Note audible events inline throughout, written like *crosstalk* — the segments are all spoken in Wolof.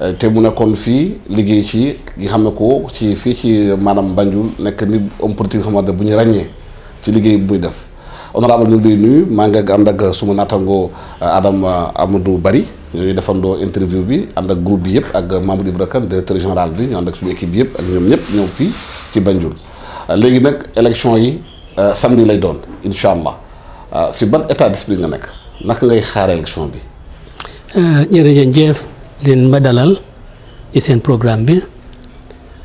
Euh, te mu nekkoon fii liggéey ci nga xam ne ko ci fii ci maanaam Banjul nekk nit homme politique xamante bu ñu ràññee ci liggéey bu muy def honorable ñu ngi lay nuyu maa ngi ànd ak suma naataango euh, Adama euh, Amadou Bari ñooñu defandoo interview bi am ak groupe bi yëpp ak Mamadou Ibra Kane directeur général bi ñu ànd ak suñu équipe bi yëpp ak ñoom ñëpp ñëw fii ci Banjul léegi nag élection yi samedi lay doon incha allah si ban état d'esprit nga nekk naka ngay xaar élection bi. leen ma dalal ci seen programme bi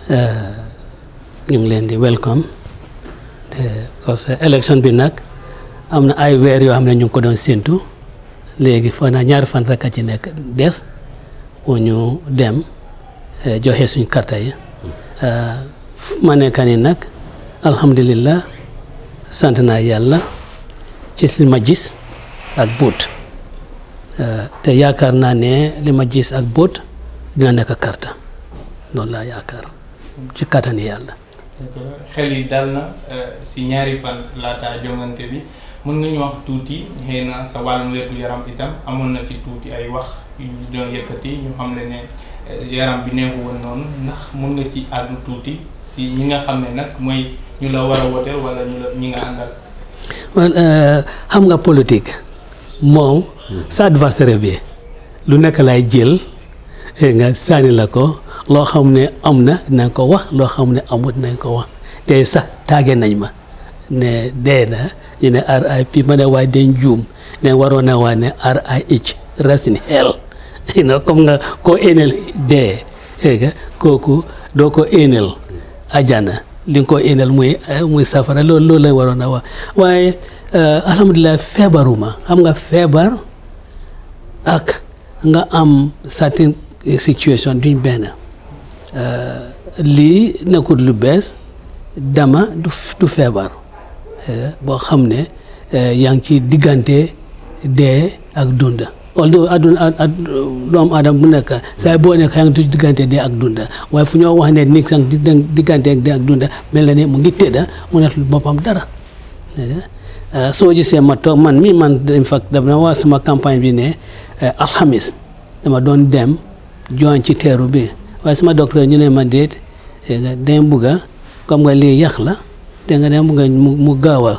euh, ñu ngi leen di welcome parce que élection bi nag am na ay weer yoo xam ne ñu ko doon séntu léegi na ñaari fan rek ci nekk des ñu dem euh, joxe suñ karta yi euh, ma nekka nag alhamdulillah sant naa yàlla ci li ma gis ak buut Euh, te yaakaar naa ne li ma gis ak bóot dina nekk karta loolu laa yaakaar ci kattani yàlla. xel yi dal na euh, si ñaari fan laata jongante bi mën nga ñu wax tuuti xëy na sa wàllum wérgu yaram amoon na ci tuuti ay wax yu doon yëkkati ñu xam le ne euh, yaram bi neexu woon noonu ndax mën nga ci àddu tuuti si ñi nga xam ne nag mooy ñu la war a woteel wala ñu la ñi nga àndal. xam nga politique. moom sa adversaire bi lu nekk lay jël eh, nga sànni la ko loo xam ne am na dinañ ko wax loo xam ne amut dinañ ko wax tey sax taage nañ ma ne dee na ñu ne RIP ma ne waaye dañ juum ne waroon na waa ne RIH rest in hell *laughs* non comme nga koo énel dee nga kooku doo ko énel ajana li nga ko énel muy eh, muy safara loolu loolu la waroon a wax waaye Eh, alhamdulilah feebaruma xam nga feebar ak nga am certain situation duñ benn eh, lii nekkul lu bees dama du du feebar eh, boo xam ne yaa ngi ci diggante dee ak dunda although aduna mu aadama bu nekk saa boo nekk yaa ngi ci diggante dee ak dunda waaye fu ñoo wax ne nit sang diggante dee ak dunda mel ne mu ngi tëdda mu nekk boppam dara Euh, soo gisee ma toog man mi man in fact dama wax suma campagne bi ne euh, alxamis dama doon dem join ci teeru bi waaye suma docteur ñu ne ma déet eh, dañ bugga comme nga lii yàq la te nga dem bugga mu gaaw a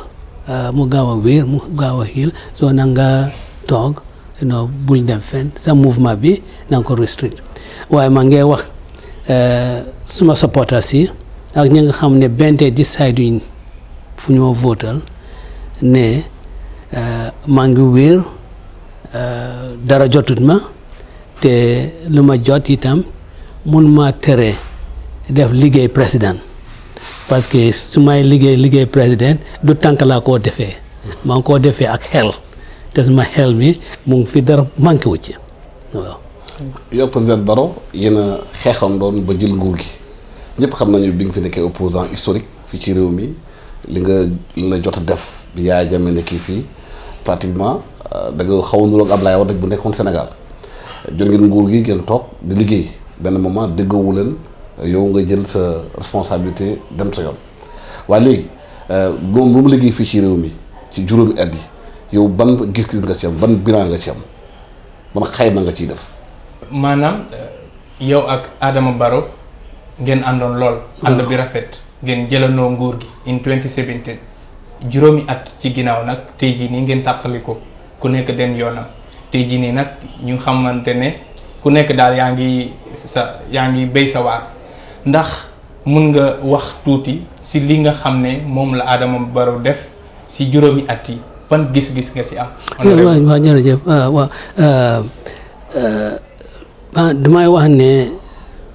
euh, mu gaaw a wéer mu gaaw a xiil soo na nga toog non bul dem fenn sa mouvement bi na ko restrict waaye ma ngay wax suma supporters yi ak ñi nga xam ne bente di sayduñ fu ñoo votal ne euh, maa ngi wér euh, dara jotut ma te lu ma jot itam mun ma tere def liggéey président parce que su may liggéey liggéey président du tànk laa koo defee maa ngi koo defee ak xel te ma xel mi mu ngi fi dara manqué wu ci waaw. yow président Barrow yéen a xeexam doon ba jël nguur gi ñëpp xam nañu bi nga fi nekkee opposant historique fii ci réew mi li nga li la jot def. bi yaa jame nekki fii pratiquement euh, da nga xaw a nuroog Ablaye Wade bu nekkoon Sénégal jot ngeen nguur gi ngeen toog di liggéey benn moment déggawu leen yow nga jël sa responsabilité dem sa yoon waaye léegi moom euh, lu mu liggéey jurum ci yo mi ci yow ban gis-gis nga ci ban bilan nga ci am ban xayma nga ciy def. maanaam yow ak Adama Barrow ngeen andon lol ànd bi rafet ngeen in 2017. juróomi at ci ginnaaw nag tey jii nii ngeen ko ku nekk den yoonam tey jii nii nag ñu xamante ne ku nekk daal yaa ngi sa yaa ngi béy sa waar ndax mun nga wax tuuti si li nga xam ne moom la Adama Barrow def si juróomi at yi ban gis-gis nga si am. waaw waaw jërëjëf ah, ah, ah, damay wax ne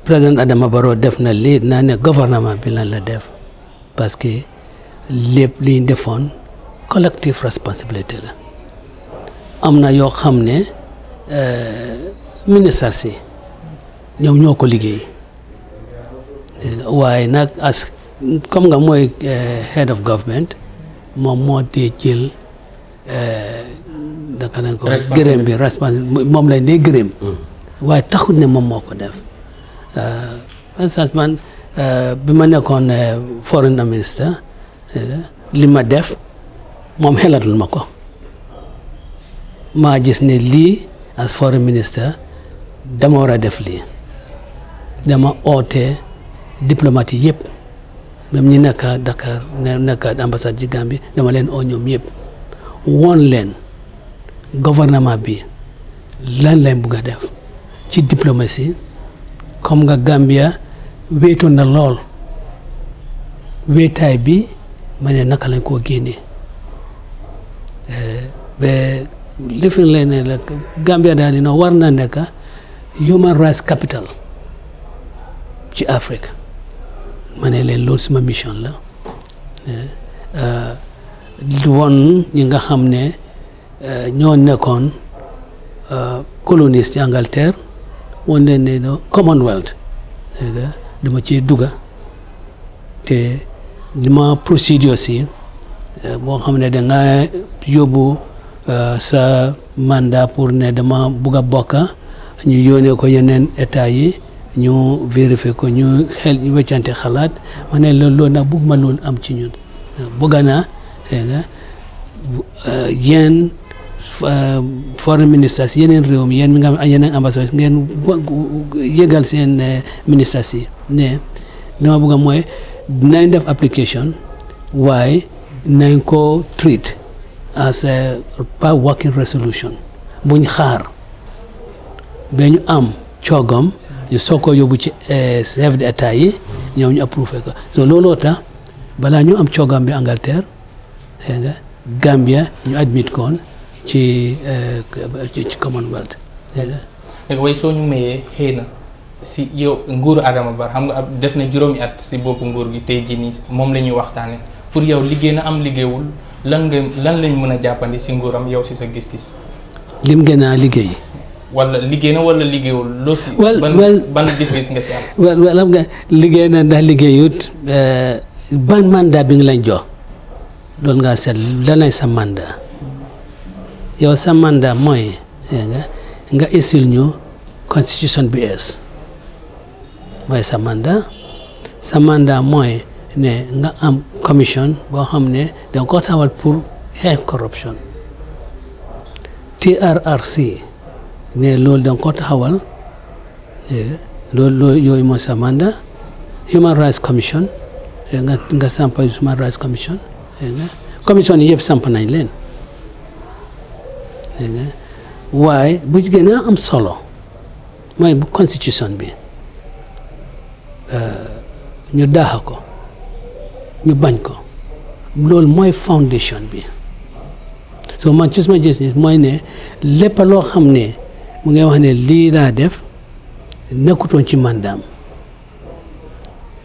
président Adama Barrow def na lii naa ne gouvernement bi lan la def parce lépp li defoon collective responsibility la am na yoo xam ne euh, ministre si ñoom ñoo ko liggéey waaye nag as comme nga mooy euh, head of government moom moo dee jël daka euh, nañ ko gërëm bi responsable moom lañ dee gërëm mm. waaye taxut ne moom moo ko def par bi ma nekkoon foreign minister Eh, li ma def moom xelatul ma ko maa gis ne lii as foreign minister dama war a def lii dama oote diplomate yëpp même ñi nekka Dakar nekka ambassade ci Gambie dama leen oo ñoom yëpp woon leen gouvernement bi lan lañ bugg a def ci diplomatie comme nga Gambia wéetoon na lool wéetaay bi ma ne naka lañ ko génnee ba lifin Gambia daal dina war na nekk human rights capital ci Afrique ma ne leen loolu suma mission la eh, eh, woon ñi nga xam ne eh, ñoo nekkoon coloniste ci Angleterre woon leen ne commonwealth dama ci dugga te li ma si euh, boo xam ne danga yobu euh, sa mandat pour ne dama bugg a bokk ñu yónnee ko yeneen état yi ñu vérifier ko ñu xel ñu weccante xalaat ma ne loolu loolu nag bëgg ma loolu am ci ñun bëgg naa euh, yéen foreign ministers yeneen réew mi yéen mi nga xam yeneen ambassadeurs ngeen yëgal seen ministres yi ne li ma bëgg dinañ def application waaye nañ ko treat as a pas working resolution buñ xaar ba ñu am coogam ñu soog ko yóbbu ci de eh, d'état yi ñoom ñu approuvé ko so looloo tax balaa ñu am coogam bi Angleterre xëy nga ñu admit koon ci eh, ci Commonwealth. dégg soo ñu mayee xëy si yow nguuru Adama Barrow xam nga def na juróomi at si boppu nguur gi tey jii nii moom lañuy ñuy pour yow liggéey na am liggéeyul lan nga lan lañ mën a jàppandi si nguuram yow si sa gis gi lim gën a liggéey. walla liggéey na wala liggéeyul. loo nga si am. *laughs* wala liggéey na ndax liggéeyut eh, ban mandat jox loolu ngaa seet lanay sa mandat yow sa mandat mooy eh, nga nga isil ñu constitution bi ees mai samanda samanda moy ne nga am commission boo xam ne danga ko taxawal pour xeex corruption TRRC ne loolu danga ko taxawal loolu loolu yooyu mooy samanda human rights commission nga nga samp human rights commission commission yi yëpp samp nañ leen waaye bu gën a am solo mooy bu constitution bi ñu daax ko ñu bañ ko loolu mooy foundation bi so man ci suma gis mooy ne lépp loo xam ne mu ngay wax ne lii laa def nekkutoon ci mandam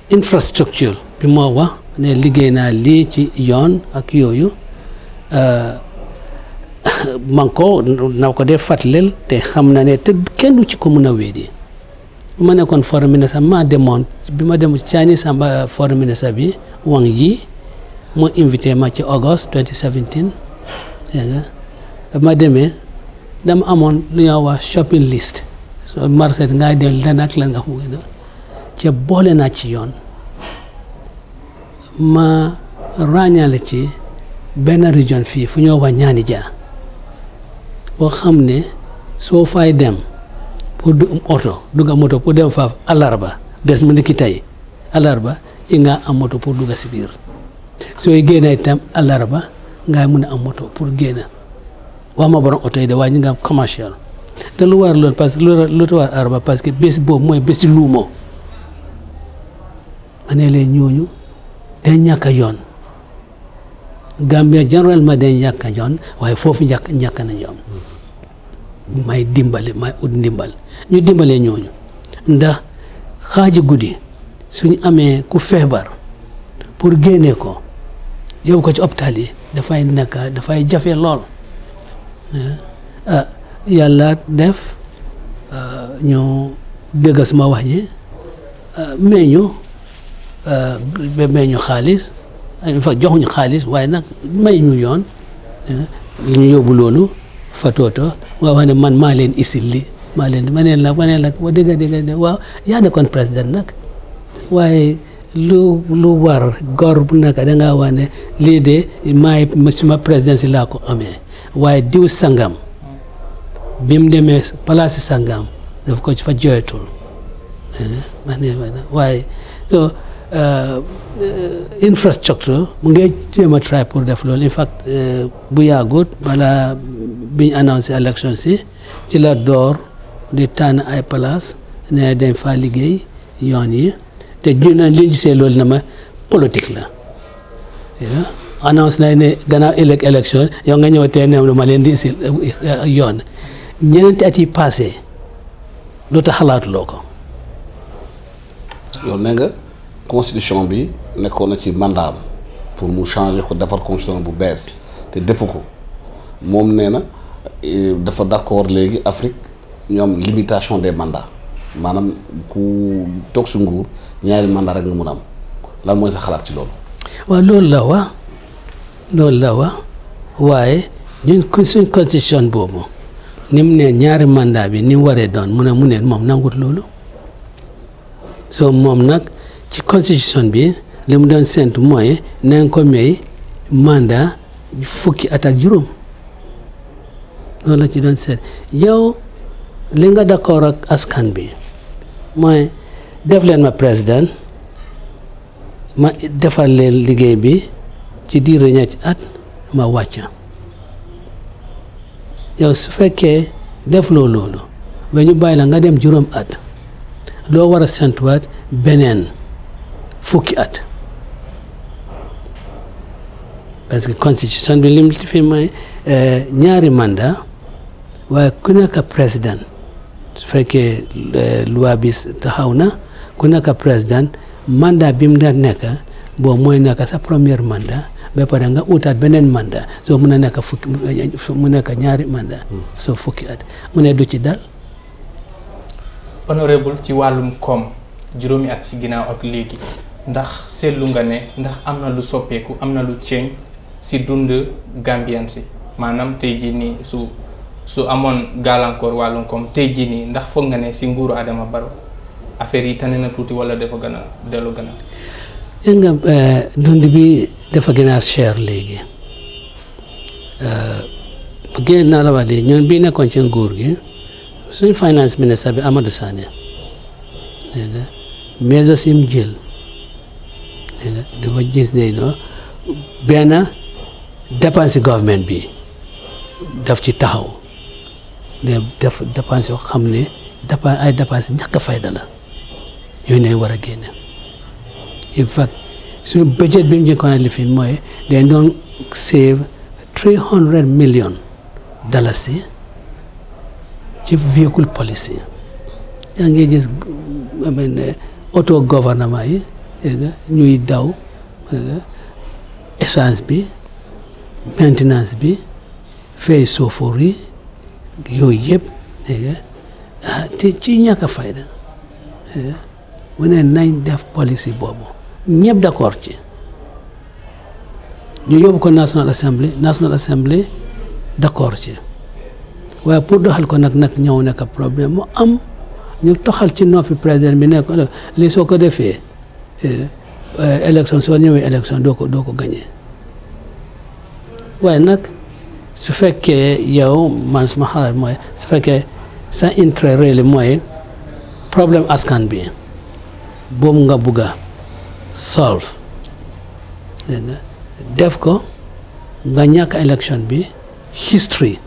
infrastructure bi moo wax ne liggéey naa lii ci yoon ak yooyu *coughs* man ko na ko dee fàttaleel te xam na ne te kenn du ci ko mun a wéedi bu ma nekkoon forum ministre maa demoon bi ma dem Chinese samba euh, forum ministre bi Wang Yi moo invité ma ci August 2017 dégg nga ba ma demee dama amoon lu ñoo wax shopping list so marché ngay del lan ak lan nga xam nga boole naa ci yoon ma ràññaale ci benn région fii fu ñoo wax ñaani jaa boo xam ne soo fay dem pour du am auto du am moto pour dem faaf alarba bes mu niki alarba ci nga am moto pour ga si biir sooy gene itam alarba nga mëna am moto pour gene wa ma borom auto de waaye ñu nga commercial de lu war lool parce que lu lu war arba parce que bes bo moy bési luumoo ma ne leen ñooñu day ñaka yoon gambia généralement day ñaka yoon waaye fofu ñaka ñaka na ñoom may dimbale may ut ndimbal ñu dimbalee ñooñu ndax xaaji guddi suñu amee ku feebar pour génnee ko yow ko ci hôpital yi dafay nekka dafay jafe lool eh, ah, yàlla def eh, ñu dégg suma wax ji eh, meññu meññu xaalis fa joxuñu xaalis waaye nag may ñu yoon li ñu yóbbu loolu Fatoto waaw wax ne man maa leen isil li maa leen ma neen la ma neen la wa dégg dégg ne waaw yaa nekkoon président nag waaye lu lu war góor bu nekk da ngaa lii de maay suma présidence laa ko amee waaye diw sangam bi mu demee palaasi sangam daf ko ci fa jooytul eh, ma ne so eh, infrastructure mu ngi jéem try pour def loolu in fact eh, bu yàggut balaa bi ñu annoncé élection si ci la door di tànn ay place ne dañ faa liggéey yoon yi te ji na li ñu gisee loolu na ma politique la annonce nañ ne gannaaw ëllëg élection yow nga ñëw tey ne ma leen di si euh, yoon ñeneenti at yi passé lu tax xalaatuloo ko. loolu nee nga constitution bi nekkoon na ci mandaam pour mu changer ko defar constitution bu bees te defu ko moom nee na. Euh, dafa d'accord léegi Afrique ñoom limitation des mandats maanaam ku toog su nguur ñaari mandat rek nga mun am lan mooy sa xalaat ci loolu. waaw loolu la wax loolu la wax waaye ñun suñ constitution boobu ni mu ne ñaari mandat bi ni waree doon mu ne mu moom nangut loolu soo moom nag ci constitution bi li mu doon séntu mooy na ko may mandat fukki at ak juróom. loolu la ci doon seet yow li nga d'accord ak askan bi mooy def leen ma président ma defal leen liggéey bi ci diir ci at ma wàcca yow su fekkee def loo loolu ba ñu bàyyi la nga dem juróom at loo war a sentuwaat beneen fukki at parce que constitution bi lim fi may euh, ñaari mandat waaye ku nekk président su fekkee eh, loi bi taxaw na ku nekk président mandat bi mu daan nekk boo mooy nekk sa première mandat ba pare nga utaat beneen mandat soo mun a nekk fukki nekk ñaari mandat hmm. soo fukki at mu ne du ci dal honorable ci wàllum koom juróomi at si ginnaaw ak léegi ndax seetlu nga ne ndax am na lu soppeeku am na lu ceeñ si dund gambian si maanaam tey jii nii su su amone galang walon kom tejini ndak ndax fo nga ne si nguru Adama baro affaire yi tanena na wala defa gëna delu gëna nga eh, dund bi defa gëna cher legi euh gën na la wadi ñun bi nekkon ci nguur gi suñu finance minister bi Amadou Sané nga mesures yi mu jël nga dafa gis day no bena dépenses government bi daf ci taxaw. ne def dépense yoo xam ne ay dépense ñàkk a fayda la yooyu ne war a génne in fact suñu budget bi mu njëkkoon a lifin mooy dañ doon save three hundred million dalasi ci véhicule police yaa ngi gis amee auto gouvernement yi ñuy daw essence bi maintenance bi fay sofoor yooyu yëpp dégg nga ah te ci ñàkk fayda mu ne nañ def policy boobu ñëpp d'accord ci ñu yóbbu ko National Assembly National Assembly d'accord ci waaye pour doxal ko nag nag ñëw nekk problème mu am ñu toxal ci noppi président bi ne ko li soo ko defee euh, élection soo ñëwee élection doo ko doo ko gañee waaye nag su fekkee yow man suma xalaat mooy su fekkee sa intérêt réel mooy problème askan bi boobu nga bugg a solve def ko nga ñàkk élection bi history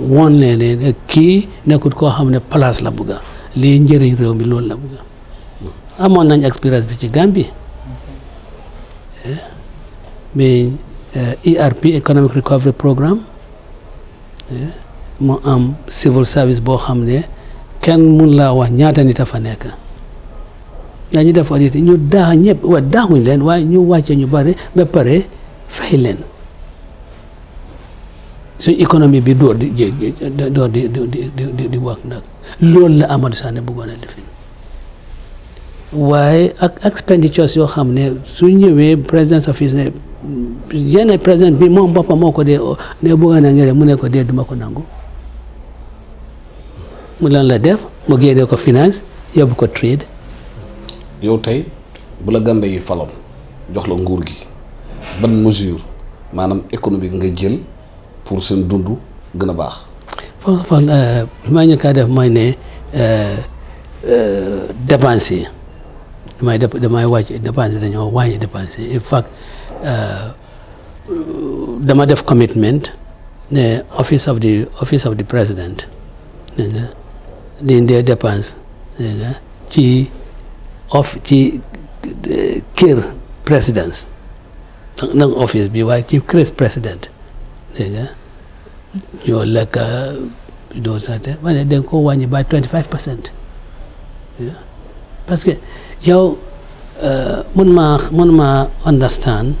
woon ne ne kii nekkut koo xam ne palace la bugga lii njëriñ réew mi loolu la bugga amoon nañ expérience bi ci Gambie bi eh? Uh, ERP Economic Recovery Program, mo am civil service bo xamne ken mun la wax ñaata ni ta fa nek ndax def audit ñu da ñep wa daaxuñ len way ñu wacce ñu bari ba paré fay len su économie bi do di di di di wax nak lool la Amadou Sané bëggoon a defin waaye ak expenditures yo xamne su ñëwee présidence office yenn président bi moom boppam moo ko dee ne bëggoon na ngeen mu ne ko dee duma ko nangu mu lan la def mu génnee ko finance yóbbu ko trade. yow tey bu la gànde yi faloon jox la nguur gi ban mesure maanaam économique nga jël pour seen dund gën a baax. foofu foofu maa ñu kaa def mooy ne euh, euh, dépense yi damay damay wàcc dépense bi dañoo wàññi dépense yi in fact. Euh, dama def commitment ne office of the office of the president dégg nga di ci of ci kër présidence nag office bi waaye ci kër président dégg nga ñoo lekk doo sante ma ne dañ koo wàññi twenty five percent que yow euh, mun maa understand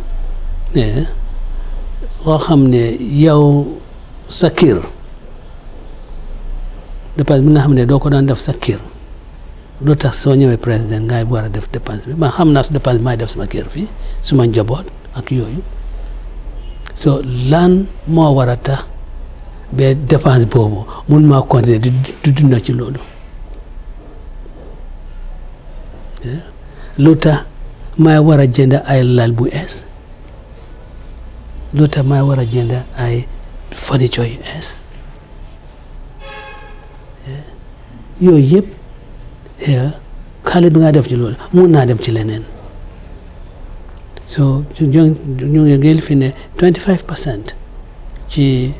loo xam ne yow sa kër dépense bi na xam ne doo ko daan def sa kër lu tax soo ñëwee président ngay war a def dépense bi ma xam naa su dépense def sama kër fii suma njaboot ak yooyu so lan moo war a tax ba dépense boobu mun maa continuer di dund ci loolu eh? lu tax may war a jënd ay bu ees lu tax war a jënd ay furniture yu ees eh? yooyu yëpp eh, xaalis bi nga def ci loolu mun naa dem ci leneen so ñu ngi fi ne 25 pour cent ci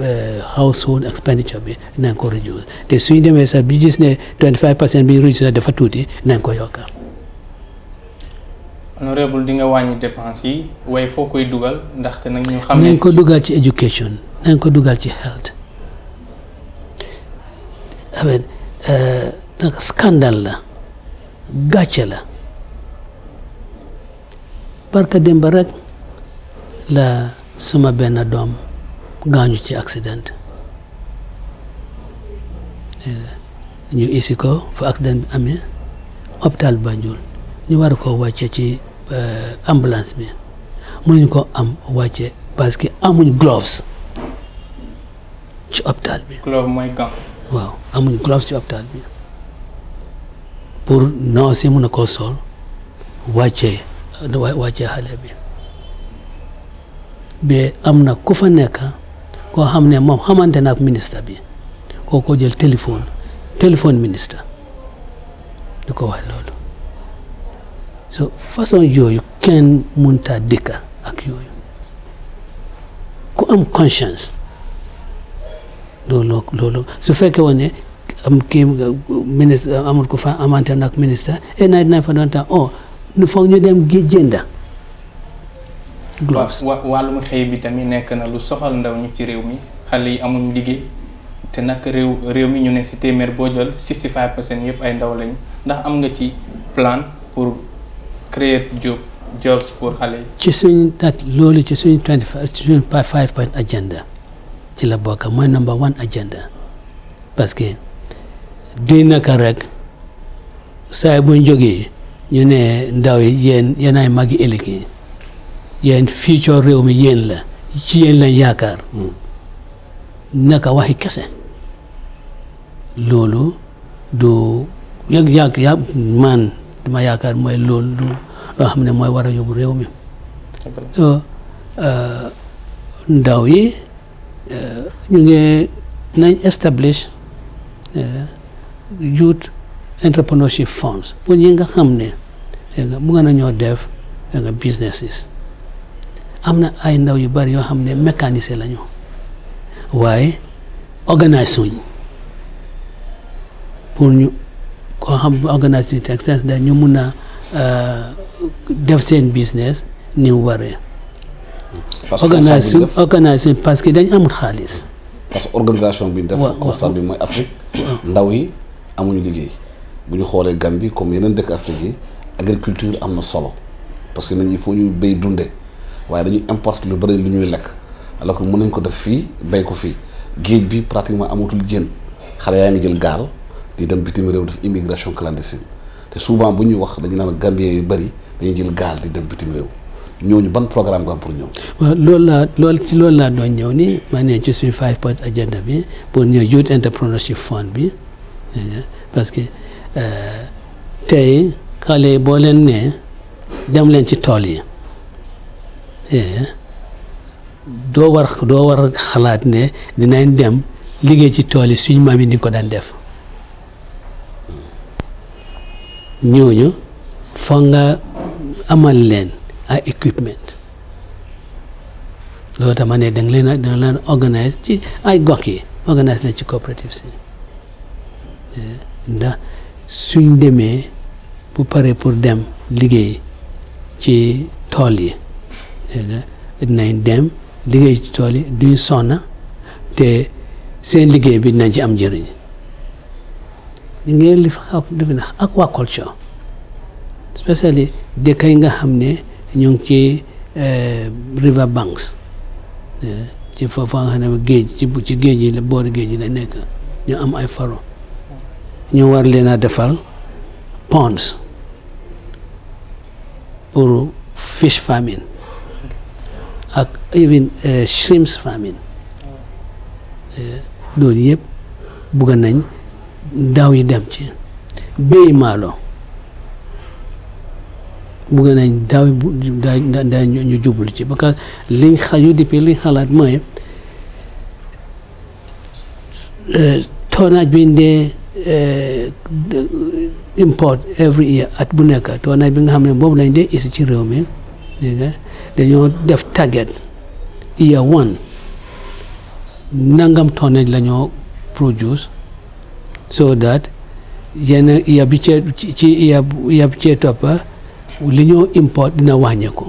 eh, household expenditure bi nañ ko reduce te suñ demee sa bi gis ne 25 pour cent bi reduce dafa tuuti nañ ko yokka honorable di nga wàññi dépense yi waaye foo koy dugal ndaxte nag ñu xam nañ ko dugal ci éducation nañ ko dugal ci health amen eh, nag scandale la gàcce la barka démb rek la suma benn doom gaañu ci accident eh, ñu isi ko fa accident bi amee hôpital Banjul ñu war ko wàcce ci euh, ambulance bi mu mënuñu ko am wàcce parce que amuñ gloves ci hôpital bi. gloves mooy gant. waaw amuñ gloves ci hôpital bi pour non si mun a koo sol wàcce wàcce xale bi ba am na ku fa nekk koo xam ne moom xamante na ak ministre bi koo ko jël téléphone téléphone ministre du ko wax loolu. so façon yooyu kenn mënta dëkka ak yooyu ku am conscience loolu loolu su fekkee woon am kii ministre amul ku fa amante nag ministre et eh, na dina fa doon tax oh foog ñu dem jënda gloves wàllum xëy bi tamit nekk na lu soxal ndaw ñi ci réew mi xale yi amuñ liggéey te nag réew réew mi ñu nekk si téeméer boo jël 65 yëpp ay ndaw lañ ndax am nga ci plan pour ci suñ at loolu ci suñ twenty five ci agenda ci la bokk mooy number one agenda parce que duy naka rek saa buñ jógee ñu ne ndaw yi yéen yéen ay màggi ëllëg yi future réew mi yéen la ci la lañ yaakaar naka waxi kese loolu du yëg yàgg yàgg man dama yaakaar mooy loolu loo xam ne mooy war a yóbbu réew mi so uh, ndaw yi uh, ñu ngi nañ establish uh, youth entrepreneurship funds pour ñi nga xam ne mu nga nañoo def nga businesses am na ay ndaw yu bari yoo xam ne mécanicien lañu waaye organise suñ pour ñu koo xam ñu mun a def seen business ni mu waree. organisation organisation parce que dañ amul xaalis. parce que organisation bi def constat bi mooy Afrique. ndaw yi amuñu liggéey. bu ñu xoolee Gambie comme yeneen dëkk Afrique yi agriculture am na solo parce que nit ñi foo ñuy béy dundee waaye dañuy importe lu bari lu ñuy lekk alors que mën nañ ko def fii béy ko fii géej bi pratiquement amatul jën xale yaa ngi jël gaal di dem bitim réew def immigration clandestine te souvent bu ñuy wax dañu naan Gambien yu bëri. dañuy jël gaal di dem bitim réew ñooñu ban programme nga pour ñëw. waaw loolu laa loolu ci loolu laa doon ñëw nii ma ne ci suñu five point agenda bi pour ñëw youth entrepreneurship fund bi parce que euh, tey xale yi boo leen nee dem leen ci tool yi eh, doo war doo war xalaat ne dinañ dem liggéey ci tool yi suñ maam yi ni ko daan def ñooñu foog nga. amal leen ay équipement loolu tax ma ne da nga leen a da ci ay gox yi organise leen ci coopérative si ndax suñ demee bu pare pour dem liggéey ci tool yi dinañ dem liggéey ci tool yi duñ sonna te seen liggéey bi dinañ ci am njëriñ ngeen li fa xaw ak waa spécially dëkk yi nga xam ne ñu ngi ci eh, river banks eh, ci foofa nga xam ne géej ci la boori géej yi la nekk ñu am ay faro ñu war leen a defal ponds pour fish farming ak even eh, shrimps farming loolu yëpp bugg nañ ndaw yi dem ci béy maalo bëgg nañ daaw daa daa ñu jublu ci parce que liñ xa UDP liñ xalaat mooy euh, tonnage bi ñu dee euh, import every year at bu nekk bi nga xam ne boobu lañ de isi ci réew mi dégg nga dañoo def target year one nangam tonnage la ñoo produce so that yenn year ci toppa li ñu import dina wàññeeku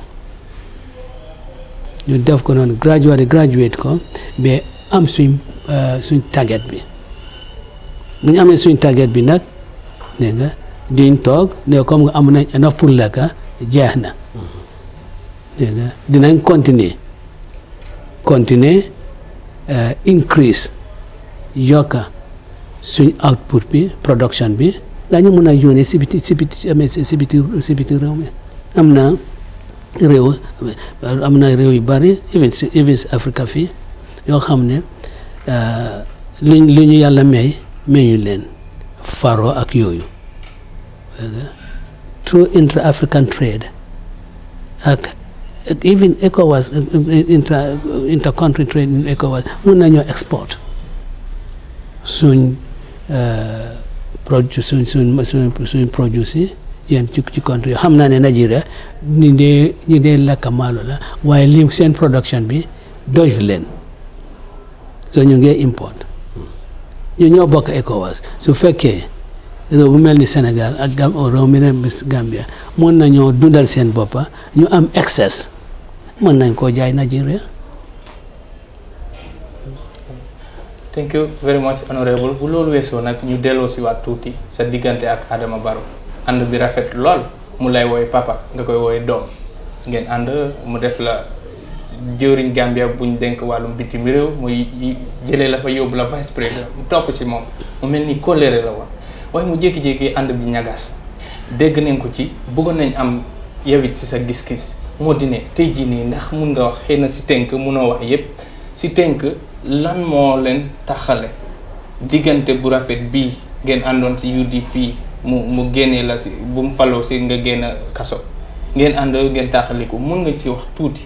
ñu def ko noonu graduate graduate ko be am suñ euh, suñ target bi bu ñu amee suñ target bi nag dégg nga diñ toog ne comme nga am nañ enough pour lekk jeex na dégg nga dinañ continuer continuer euh, increase yokka suñ output bi production bi daañu mën a yónnee si biti si biti amee si biti si biti réew mi am na réew am yu bari even even si Afrique fii yoo xam ne ah, li li ñu yàlla may mayu leen faro ak yooyu through intra African trade ak even ECOWAS inter inter country trade in ECOWAS mun nañoo export suñ. Ah, produit suñ suñ suñ suñ produits yi yéen ci ci compte yoo xam naa ne Nigeria ñu dee ñu dee lakka maalo la waaye li seen production bi doy leen soo ñu ngee import ñu ñoo bokk ECOWAS su fekkee réew bu mel ni senegal ak Gam oh, réew mi ne Gambia mën nañoo dundal seen boppa ñu am excess mën nañ koo jaay Nigeria thank you very much honorable bu lolou weesoo nak ñu delo si wat touti sa digante ak Adama baro and bi rafet lol mu lay woy papa nga koy woy dom ngeen and mu def la jeuriñ Gambia buñ denk biti bitim rew moy jele la fa yob la vice président mu topp ci mom mu melni ni colère la won way mu jéki jéki and bi ñagas dégg nañ ko ci bëggon nañ am yewit si sa gis-gis moo tay ji ni ndax mun nga wax xëy ci tenk wax yépp ci tenk lan moo leen taxale diggante bu rafet bii ngeen àndoon ci UDP mu mu génnee la si bu mu faloo si nga génn kaso ngeen àndoo ngeen taxaliku mun nga ci wax tuuti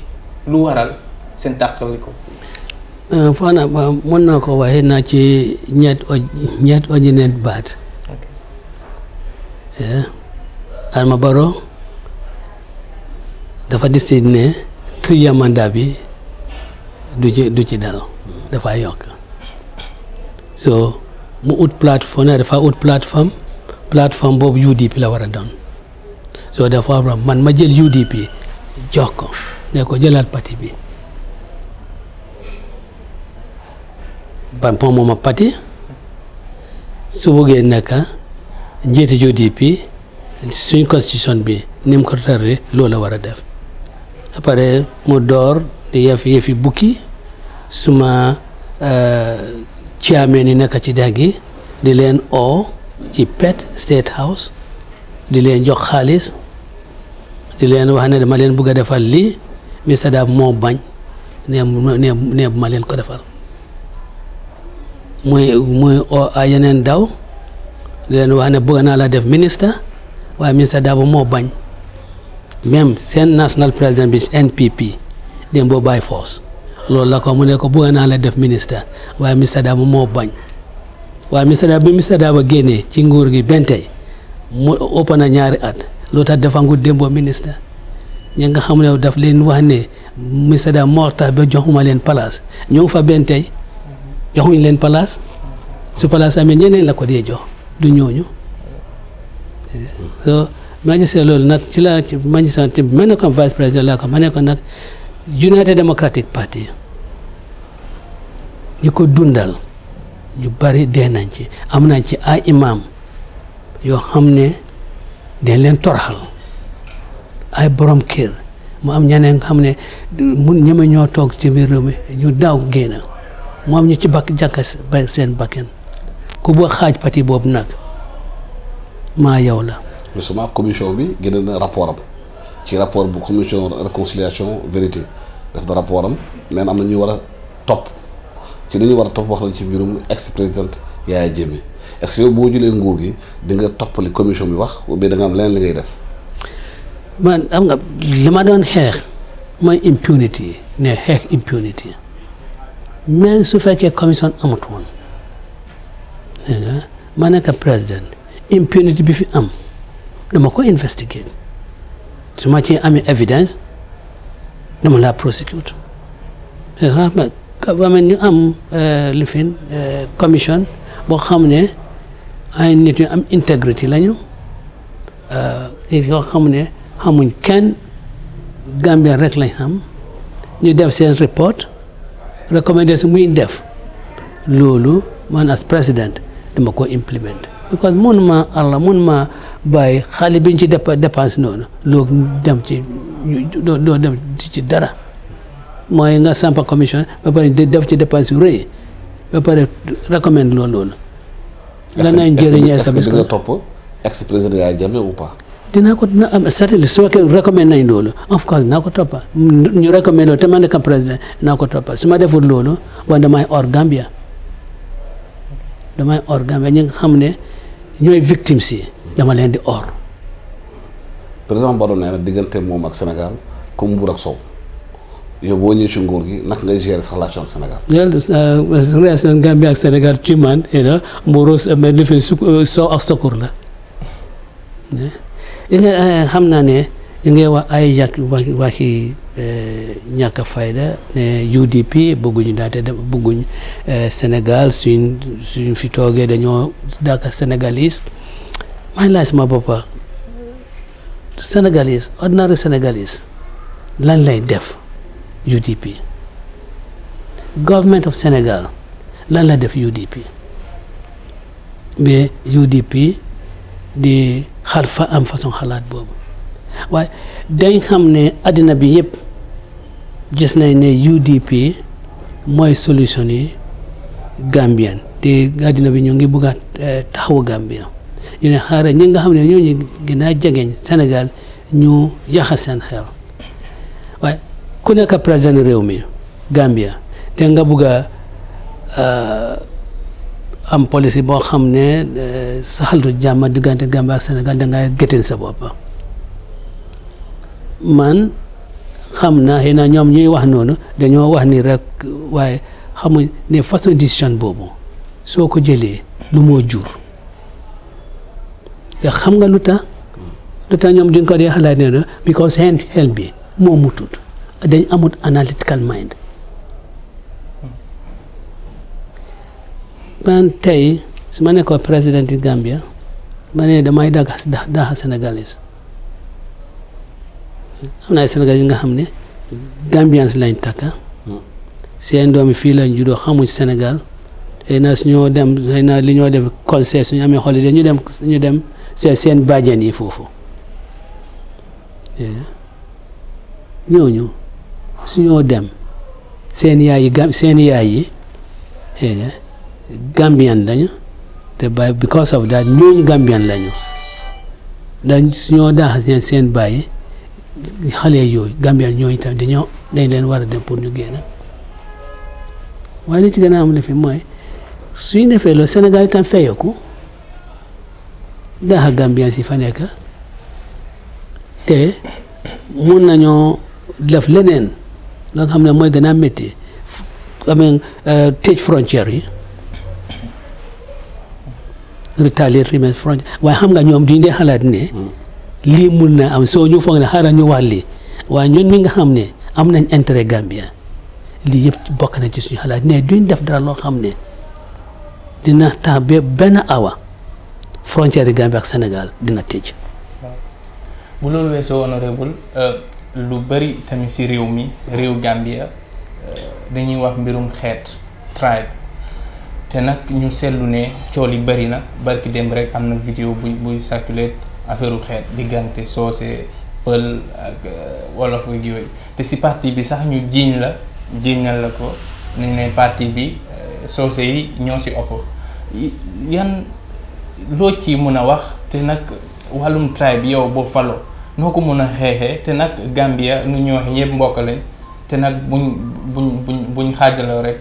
lu waral seen taxaliku. Euh, Fana mën naa ko waxee naa ci ñett oj baat. Eh, Adama Barrow dafa décide ne triya mandat bi du du ci dal. dafa yokk so mu ut plateforme dafa ut plateforme boobu UDP la war a doon so dafa war man ma jël UDP jox ko ne ko jëlal pati bi ban pom mooma parti su bëggee nekk njiiti UDP suñ constitution bi nim mu ko tëree loolu la war a def après mu door di yëf yëfi bukki suma eh, chairman yi nekk ci dex gi di leen o ci Pet State House di leen jox xaalis di leen wax ne dama leen bugg a defal lii Mr Dab moo bañ ma leen ko defal muy muy yeneen daw di leen wax ne bëgg naa la def ministre waaye Mr Dab moo bañ même seen national président bi NPP dem boo bàyyi force loolu la ko mu ne ko bëgg naa la def ministre waaye Mr Daba moo bañ waaye Mr Daba bi génnee ci nguur gi bentey mu ëpp na ñaari at lu tax dafa ngu démboo ministre ñi nga xam ne daf leen wax ne Mr Daba moo tax ba joxuma leen place ñoo ngi fa bentey joxuñ leen place su place amee ñeneen la ko dee jox du ñooñu so maa ngi gisee loolu nag ci laa ci ma sant ma ne ko vice ma ne ko nag United Democratic Party ñi ko dundal ñu bari dee nañ ci am nañ ci ay imaam yoo xam ne dañ leen torxal ay borom kër mu am ñeneen nga xam ne mun ñeme ñoo toog ci biir réew mi ñu daw génn mu am ñu ci bakk jàkka seen bakken ku ba xaaj pati boobu nag maa yow la. justement commission bi génne na rapport ci rapport bu commission réconciliation vérité def na rapport am nee na am na ñu war a topp. ci ñuy war a topp wax nañ ci mbirum ex présidente Yaya Jammeh est-ce que boo julee nguur gi di nga toppali commission bi wax ou bien am leneen li ngay def. man am nga li ma doon xeex mooy impunity ne xeex impunity même su fekkee commission amut woon ma nekk président impunity bi fi am dama ko investigate su ma ci amee évidence dama la prosecute ba ñu am euh, lifin euh, commission boo xam ne ay nit ñu am intégrité lañu euh, nit yoo xam ne xamuñ kenn Gambia rek lañ xam ñu def seen report recommendation muy def loolu man as président dama ko implement because mun ma àlla mun ma bàyyi xale biñ ci dépense noonu loo dem ci doo dem ci dara mooy nga samp commission ba pare di def ci dépense yu rëy ba pare recommande loolu loolu. lan la njëriñ établissement est nga topp ex président Yaya Jammeh ou pas. dinaa ko dina am c'est-à-dire su fekkee recommande nañ loolu of course naa ko toppa ñu recommande loolu te man nekk président naa ko toppa su ma deful loolu waaye damay or Gambia damay or Gambia ñi nga xam ne ñooy victimes yi dama leen di or. président Barrow nee na diggante moom ak Sénégal comme mbuur ak soow. yoo boo ñëwee si nguur gi naka ngay gérer sa relation ak Sénégal. Euh, relation Gambie ak Sénégal ci man xëy na euh, euh, ak sukkur la eh, nga naa ne li ngay wax ay yàq waxi ñàkk a fayda ne UDP bëgguñu daate dem bëgguñ Sénégal suñ suñ fi toogee dañoo daaka sénégalais maa ngi laaj sama boppa sénégalais ordinaire sénégalais lan lay def. UDP government of Sénégal lan la def UDP mais UDP di xal fa am façon xalaat boobu waaye dañ xam ne àddina bi yëpp gis nañ ne UDP mooy solution yi Gambien te àddina bi ñu ngi bugg a eh, taxawu Gambien ñu ne xaaral ñi nga xam ne ñoo ñu gën a jegeñ Sénégal ñu jaxas seen xel. ku nekk président réew mi Gambia te nga bugg a euh, am policy boo xam ne euh, saxaltu jàmm diggante Gambia ak Sénégal dangay géttin sa bopp man xam na xëy na ñoom ñuy wax noonu dañoo wax ni rek waaye xamuñ ne façon décision boobu soo ko jëlee lu moo jur te xam nga lu tax lu ñoom duñ ko dee xalaat ne parce que seen bi moo mutut dañ amut analytical mind man tey su ma nekkoon président yi Gambia ma ne damay dagg daaxa sénégalais am na ay sénégalais yi nga xam ne Gambians lañ takka seen doomi fii lañ juddoo xamuñ senegal xëy na su ñoo dem xëy li ñoo dem conseil suñu amee xol yi ñu dem ñu dem seen seen bàjjen yi foofu ñooñu suñoo dem seen yaay yi ga seen yaay yi eh, Gambian lañu te ba because of that ñooñu Gambian lañu dañ suñoo daax seen seen bàyyi xale yooyu Gambian ñooñu tamit dañoo dañ leen war a dem pour ñu génn waaye li ci gën a am la fi mooy suñu defee loolu Sénégal itam feyeku daax Gambian si fa nekk te mun nañoo def leneen. la nga xam ne mooy gën a métti amee euh, tëj frontière yi retalier remain frontière waaye xam nga ñoom duñ dee xalaat ne hmm. lii mun na am soo ñu foog ne xaaral ñu wax lii waaye ñun mi nga xam ne am nañ intere Gambia lii yëpp bokk nañ ci suñu xalaat ne duñ def dara loo xam ne dina tax ba benn awa frontière yi Gambie ak Sénégal dina tëj bu loolu weesoo honorable euh, lu bari tamit si réew mi réew Gambia euh, dañuy wax mbirum xeet tribe te nag ñu seetlu ne cool yi bari na barki dem rek am na vidéo buy buy circulé affaire xeet diggante soose pël ak euh, wolof ak yooyu te si parti bi sax ñu jiiñ la jiiñal la ko ñu ne parti bi euh, soose yi ñoo si ëpp yan loo ci mën a wax te nag wàllum tribe yow boo falo noo ko mun a xeexee te nag Gambia nu ñu wax ñëpp mbokk lañ te nag buñ buñ buñ buñ xaajaloo rek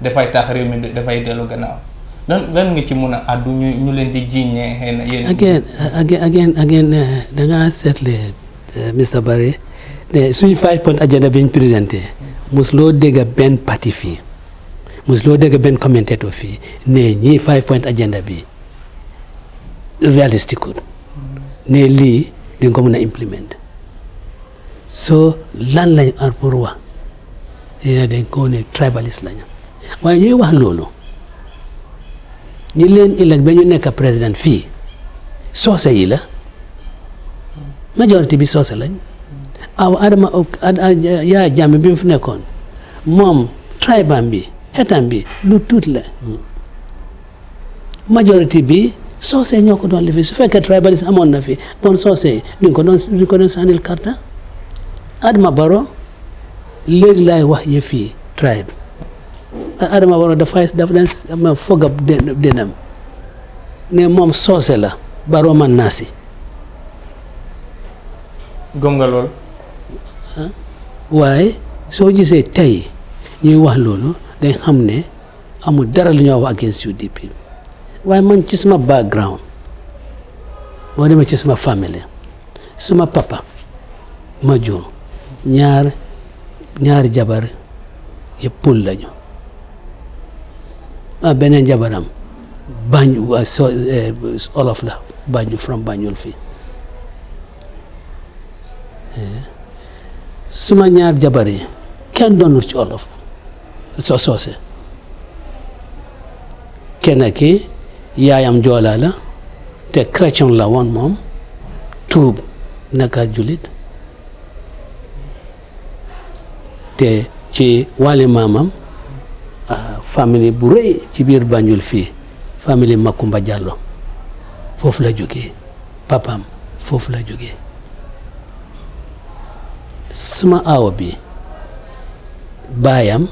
dafay tax réew mi dafay dellu gannaaw lan lan nga ci mun a àddu ñu ñu leen di jiiñee xëy na yéen. again again again eh, da ngaa seetle eh, Mr Barry ne suñu five point agenda bi ñu présenté mos loo dégg benn parti fii mos loo dégg benn commentateur fii ne ñii five point agenda bi réalistique ne lii. di nga ko mën a implémenter soo lan lañ ar pour wax dina dañ koo ne lañu waaye ñuy wax loolu ñi leen ëllëg ba ñu nekk président fii soose yi la bi soose lañ aw adama bi mu fi nekkoon moom tribam bi xetam bi lu tuut la majorité bi soosey ñoo ko doon lifi su fekkee tribalisme amoon na fi bon soosey duñ ko doon duñ ko doon sànnil karta Adama Barrow léegi laay wax yëf yi tribe Adama Barrow dafay daf daan ma foog ab dënam ne moom soose la Barrow man naa si gëm lool ah, waaye soo gisee tey ñuy wax loolu dañ xam ne amul dara lu ñoo wax against UDP waaye man ci suma background boo demee ci suma famille suma papa ma juum ñaar ñaari jabar yëpp pël lañu ah beneen jabaram Banjul eh, olof la Banjul from Banjul fii eh, suma ñaar jabar yi kenn doonul ci olof soo soose yaayam joolaa la te chrétien la woon moom tuub nekka jullit te ci wàlli maamam ah, famille bu rëy ci biir Banjul fii famille Makumba Jallow foofu la jógee papaam foofu la jógee suma aawa bi baayam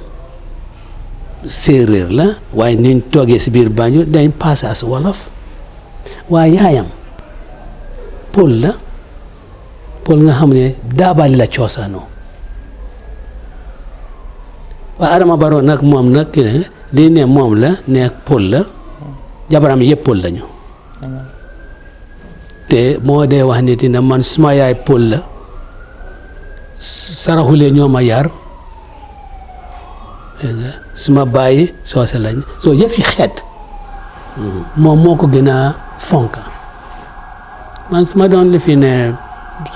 séeréer la waaye niñ toogee si biir Banjul dañ passé as wolof waaye yaayam pël la pël nga xam ne daabaali la coosaanoo waaye Adama baro nag moom nag ne li ne moom la ne pël la jabaram yëpp pël lañu te moo dee wax ni dina man suma yaay pël la saraxulee ñoom a yar suma baay soose lañ so yeuf yi xet mom moko gëna fonk man suma don li fi ne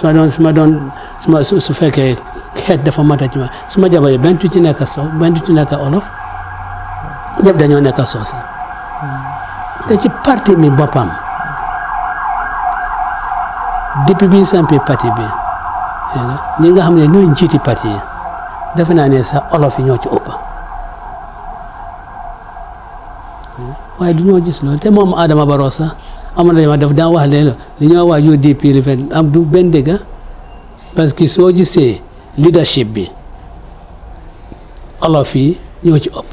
suma don suma don suma su fekkee xet dafa mata ci ma suma jabay yi benn ci nekk so benn ci nekk olof ñep dañu nekk soose té ci parti mi bopam depuis bi sampé parti bi ñi nga xamné ñoy ñi ci parti dafa na né sa olof ñoo ci waaye du ñoo gis loolu te moom Adama Barrow sax am na ma def daa wax ne la li UDP li fen am du benn dëgg parce que soo gisee leadership bi olof yi ñoo ci ëpp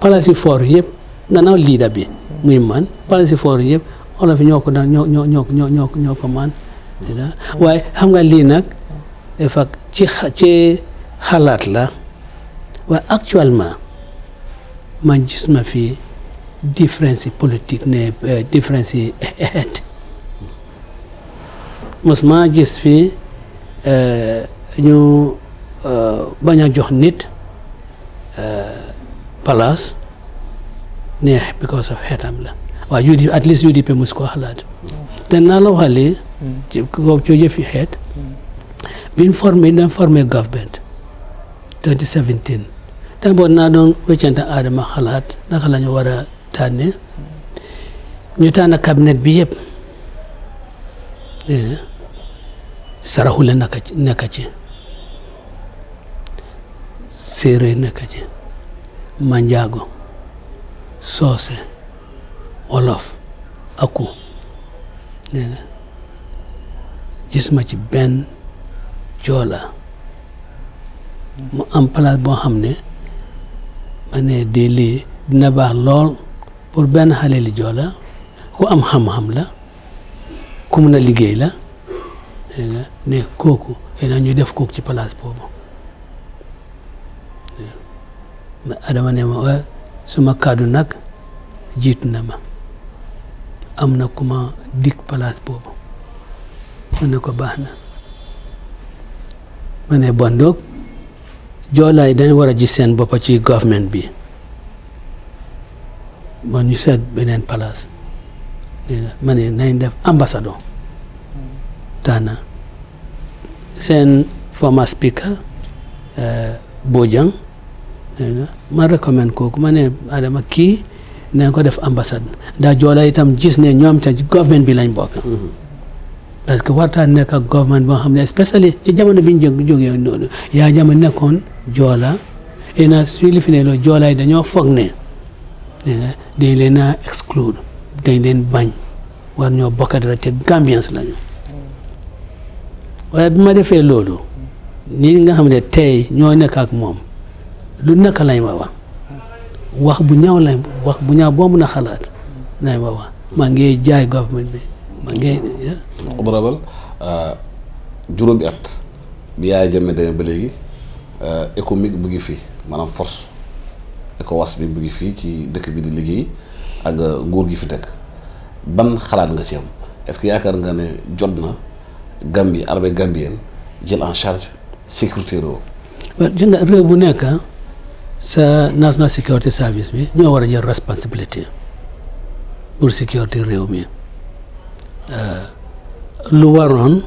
palasi for yëpp gannaaw liida bi muy man palasi for yëpp olof yi ñoo ko daan ñoo ñoo ñoo ñoo ñoo ko waaye xam lii nag dafa ci ci la waaye actuellement man ma fi difference politique ne et euh, *laughs* mos ma gis fi euh, ñu euh baña jox nit euh, place ne because of hatam la wa at least UDP mos koo xalaat then na la waxale ci ko ci fi xeet mm. bin formé dañ formé government 2017 d'abord naa doon wëccante aadama xalaat naka la ñu war a tànne ñu tànn cabinet bi yëpp eh, saraxule naka ci nekka ci séeréer nekka ci manjaago soose wolof aku nee ci benn joola mu am boo xam ne ma ne de lii dina baax lool pour benn xale li joo ku am xam-xam la ku mun a liggéey la ne kooku xëy na def kooku ci place boobu adama ne ma suma kàddu nag jiitu na ma am na ku dik dikk place boobu ne ko baax na ma ne bondoog joolaa yi dañ war a gis seen boppa ci government bi man ñu seet beneen palaas ma ne nañ def ambassador daana seen former speaker eh, Bojang ma recommend kooku ma ne Adama kii nañ ko def ambassade ndax joolaa itam jis ne ñoom ci government bi lañ bokk mm-hmm. parce que warta nekk ak government boo xam ne especially ci jamono bi ñu jógee noonu yaa jama nekkoon joola et na suy li fi ne loolu dañoo foog ne dañ leen a exclude dañ leen bañ war ñoo bokk dara te Gambians lañu waaye bi ma defee loolu ñi nga xam ne tey ñoo nekk ak moom lu nekk lañ ma wax bu ñaw lañ wax bu ñaaw boo mun a xalaat lañ ma wax maa ngi jaay government bi maa ngi ah. odrabal euh, juróomi at bi yaay jëmme demee ba léegi euh, économique bu ngi fii maanaam force ECOWAS bi bu ngi fii ci dëkk bi di liggéey ak euh, nguur gi fi nekk ban xalaat nga ci am est-ce que yaakaar nga ne jot na Gambie armée gambienne jël en charge sécurité réew. waaw jë nga réew bu nekk ah, sa national security service bi ñoo war a jël responsabilité pour sécurité réew mi. Euh, lu waroon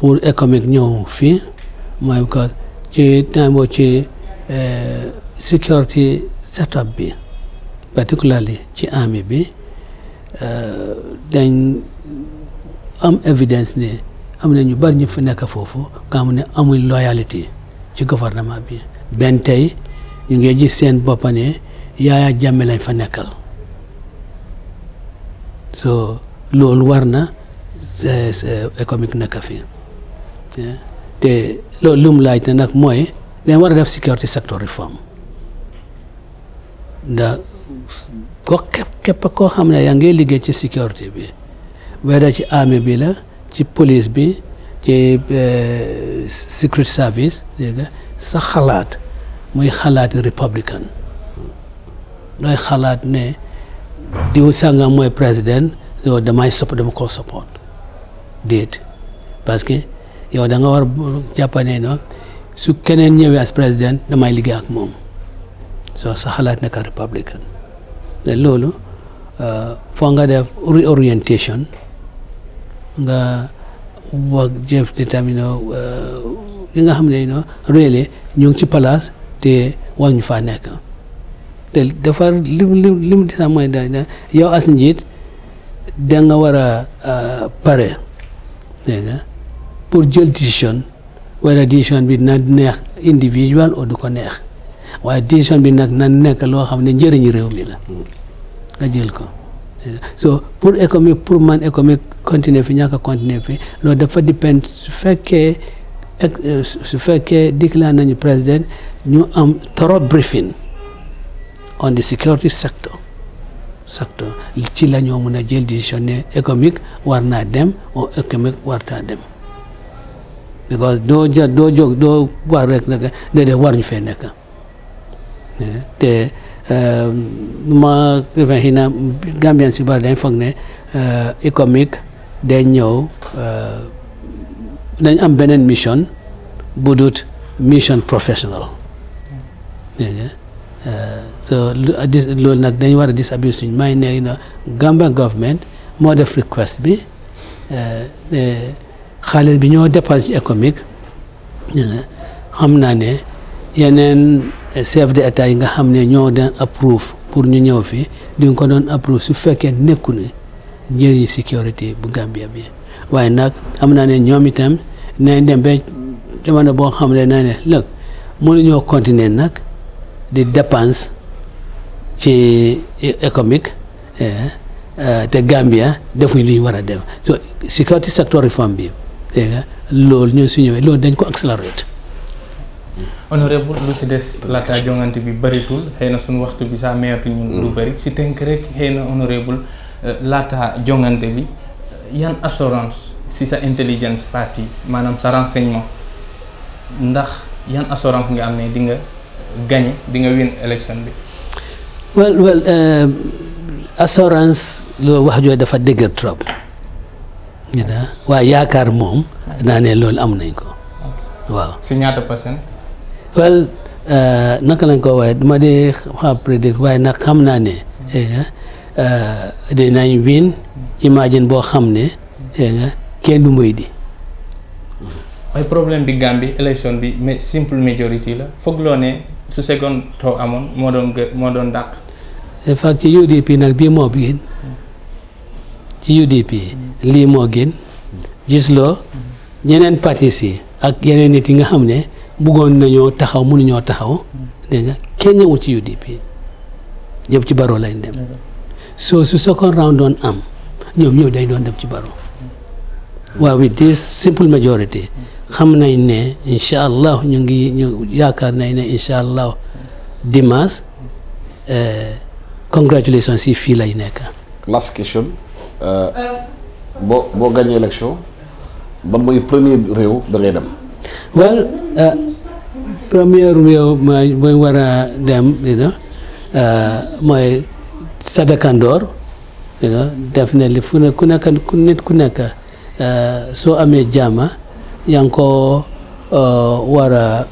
pour économique ñëw fii mooy because ci temps boo ci euh, security setup bi particularly ci army bi euh, dañ am évidence ne am na ñu bari ñu fa nekk foofu nga xam ne amuñ loyalité ci gouvernement bi benn ñu ngi ji seen boppane Yaya Jammeh lañ fa nekkal so loolu war na économique nekk fi te loolu lu mu laaj nag mooy dañ war def security sector reform ndax ko képp képp koo xam ne yaa ngi liggéey ci sécurité bi weda ci armée bi la ci police bi ci euh, secret service dégg nga sa xalaat muy xalaati républicain looy xalaat ne diw sàngam mooy président da may support dama ko support déet parce que yow da nga war jappane no su kenen ñewé as président damay liggéey ak so so sa xalaat nekk républicain lolu euh fo nga def reorientation nga wax jeuf determino, euh nga xamné no réelé ñu ci place te wañu fa nek té te dafa lim lim lim disa mooy yow as njit da nga war a pare dégg nga pour jël décision wala décision bi na neex individuel ou du ko neex waaye décision bi nag na nekk loo xam ne njëriñu réew mi la nga jël ko so pour économique pour man économique continuer fi ñàkk a continuer fi loolu dafa dépend su fekkee su fekkee déclaré nañu président ñu am trop briefing on the security sector secteur ci la ñoo mën a jël décision ne économique war naa dem o économique wartaa dem because doo jë doo jóg doo war rek nag déedéet waruñu fee nekk te ehm, ma refee xii na Gambien si bari ne eh, économique day ñëw eh, dañ am beneen mission budut mission professional so this, uh, nag dañu war a disabuse suñ may ne na Gambia government moo def request bi uh, xaalis bi ñoo dépense ci économique xam naa ne yeneen uh, chef de état yi nga xam ne ñoo doon approuve pour ñu ñëw fi duñ ko doon approuve su fekkee nekku ne njëriñ sécurité bu Gambia bi waaye nag xam naa ne ñoom itam nañ dem ba jamono boo xam ne naa ne lëg continuer nag di dépense ci économique eh, eh, te Gambia defu lu ñu war a def so security sector reform bi dégg loolu ñoo su ñëwee loolu dañ ko accélérate. honorable lu si des laata jongante bi bëritul xëy na suñ waxtu bi sax meeyatu ñun du bëri si tënk rek xëy na honorable eh, laata jongante bi yan assorance si sa intelligence party maanaam sa renseignement ndax yan assurance nga am ne di gagné di nga win élection bi. well well euh, assurance loolu wax jooju dafa dëgër trop. ñu waaye yaakaar moom. daa ne loolu am nañ ko. waaw si ñaata personne. well euh, naka lañ ko waaye duma dee xam waaye nag xam naa ne. Eh, eh, euh, dinañ win ci margin boo xam ne. Eh, kenn du di. waaye problème bi Gambie élection bi simple majorité la foog loo ne. su seconde taw amoon moo doon gë moo doon dàq. en fait ci UDP nag bii moo gën ci UDP lii moo gën gis loo ñeneen partis yi ak yeneen nit yi nga xam ne bëggoon nañoo taxaw mënuñoo taxaw dégg nga kenn ñëwul ci UDP ñëpp ci baro lañ dem soo su second round doon am ñoom ñëw dañ doon dem ci baro waaw with this simple majority. xam nañ ne incha allah ñu ngi ñu yaakaar nañ ne incha allah dimanche euh, congratulations si fii lay nekk. last question. Euh, boo boo gagné ba ban mooy premier réew da ngay dem. Euh, mooy mooy war a dem you know mooy sadakandoor you know def ne li fu ne ku nekk ku nit ku nekk soo amee jaama. Euh, yaa ngi ko war a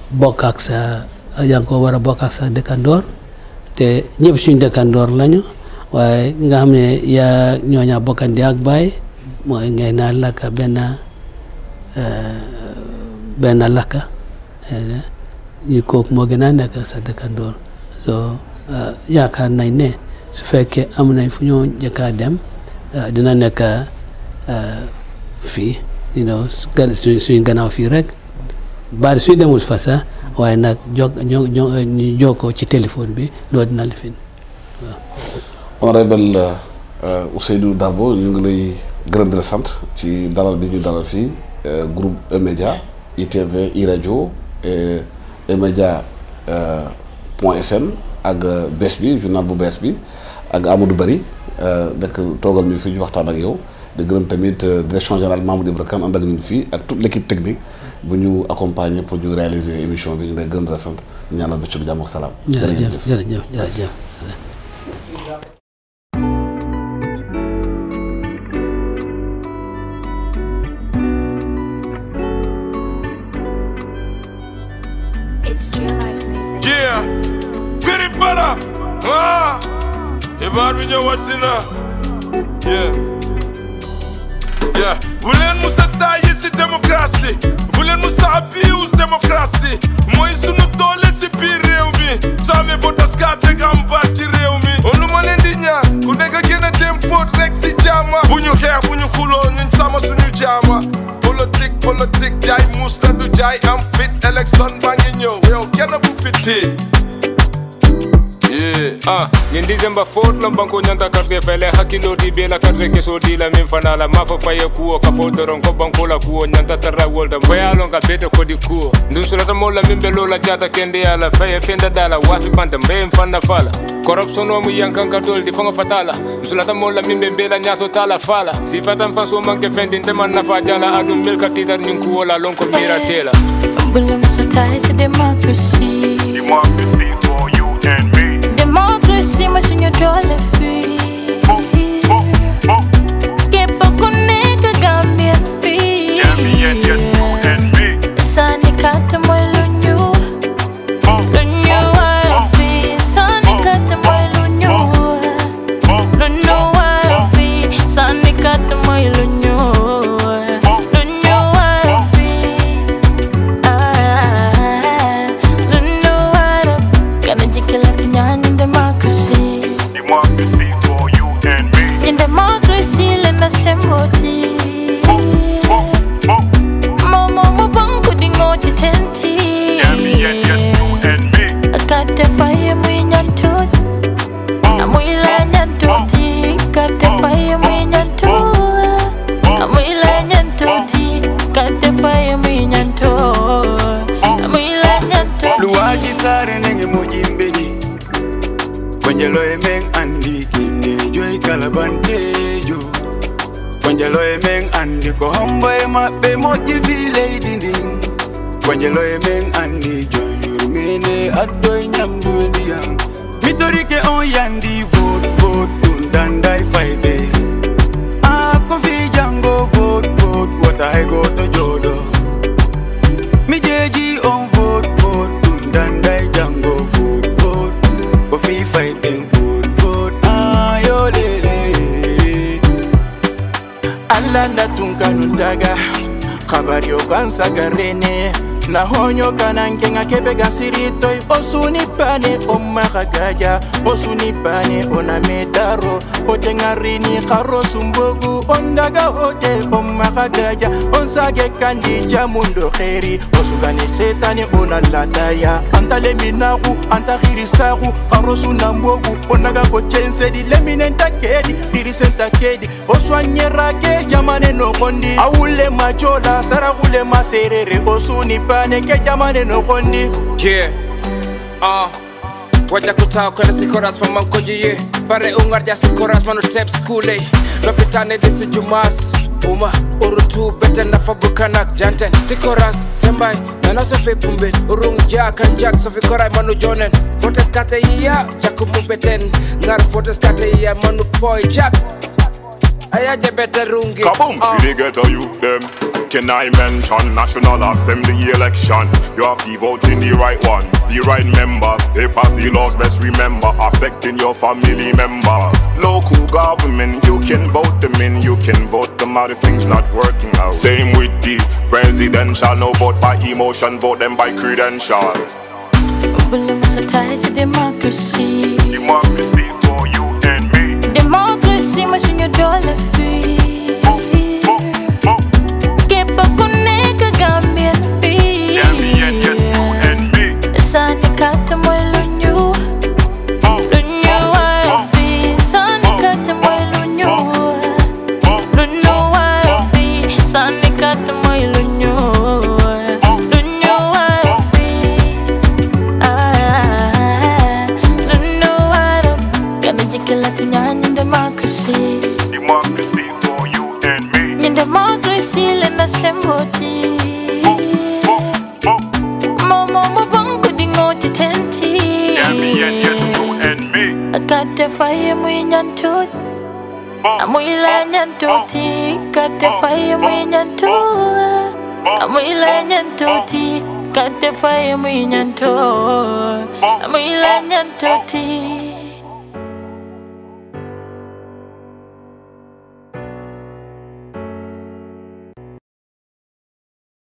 ak sa yaa ngi war a bokk ak sa te ñëpp suñ dëkkandoor lañu waaye nga xam ne yaa ñoo ñaa bokkandi ak baay mooy ngay naan lakka benn euh, benn lakka ñu kooku moo gën a nekk sa dëkkandoor soo euh, yaakaar nañ ne su fekkee am nañ fu ñoo njëkkaa dem dina nekk fii you su suñ suñ gannaaw fii rek bari suñ demul fa sax waaye nag jog ñu jokkoo ci téléphone bi loolu dina la fi waaw. honorable euh, euh, Ousaidou Darboe ñu ngi lay gërëm di la sant ci dalal bi ñu dalal fii euh, groupe E-Media ITV iRadio et E-Media point sn ak bés bi journal bu bees bi ak Amadou Bari nekk toogal mi fi ñu waxtaan ak yow. de Grand tamit euh, direction générale Mamadou toute l'équipe technique pour nous accompagner pour nous réaliser émission de la Grande ah! Ressente. Yeah. Bu mu sa tàyyi si demokrasi, wulen leen mu sa abiwu démocratie mooy sunu doole si biir réew mi saame fo taskaa teg am baat ci réew mi lu ma leen di ñaan ku nekk gën a dem fóot rek si jaama bu ñu xeex bu ñu sama suñu jaama politique politique jaay muus na du jaay am fit élection baa ngi ñëw yow bu fitti ye ah yen december 4 la banko nyanta katre fele hakilo di be la katre keso di la min fana la mafo faye kuo ka fo doron ko banko la kuo nyanta tarra wolda faya lon ka bete ko di kuo ndun sulata mola min be lola jata kende ala faye fenda dala wafi banta mbe fanna fala corruption no mu yankan ka tol di fanga fatala sulata mola min be bela ñaso tala fala si fatan faso manke fendi tema nafa jala adum mil ka titar nyin kuo la lon ko mira tela Bulga me sa taise démocratie Dis-moi, you and me sima sinyodole fi Kepa kuneka gambia feet. la bantejo Kwenjelo e men andi ko hombo e maɓɓe moƴƴi fi leydi ndin Kwenjelo e men andi joyurmene addoye ñamdu e ndiyam mitorike on yandi vote vote ɗum danday fayde a ko fi jango vote vote wota go to jodo. mi jeeji on vote vote ɗum danday jango vote vote ko fi fayde landa tun kanun taga kabar yo kan sagarene nahonyokana nkengakebeka siritoi osunipane omakagaya osunipane onamedaro otengarini karosumbogu ondaga ote omakagaya onsage kandija mundo heri osugane setane onalataya antaleminaku antahirisaku karosunambogu ondaga kocensedi leminentakedi hirisentakedi oswanyerake jamane nogondi awule majola sarakule maserere osunipa ne ke jamane no kondi yeah ah uh. wadla kuta kwela sikoras fa mankonji ye pare ungar ja sikoras manu tep skule eh. lopitane disi jumas uma urutu beten na fabukanak janten sikoras sembai nana sofe pumbin urung ja kan jak sofi korai manu jonen fortes kate iya jaku mubeten ngar fortes kate iya manu poi jak I had the better room game. Kaboom! Uh. We get you, them. Can I mention National Assembly election? You have to vote in the right one. The right members, they pass the laws, best remember, affecting your family members. Local government, you can vote them in, you can vote them out if things not working out. Same with the presidential, no vote by emotion, vote them by credential. Democracy. democracy see my your dollar fee. Amuyila nyantoti kate faye mwe nyantoa Amuyila nyantoti kate faye mwe nyantoa Amuyila nyantoti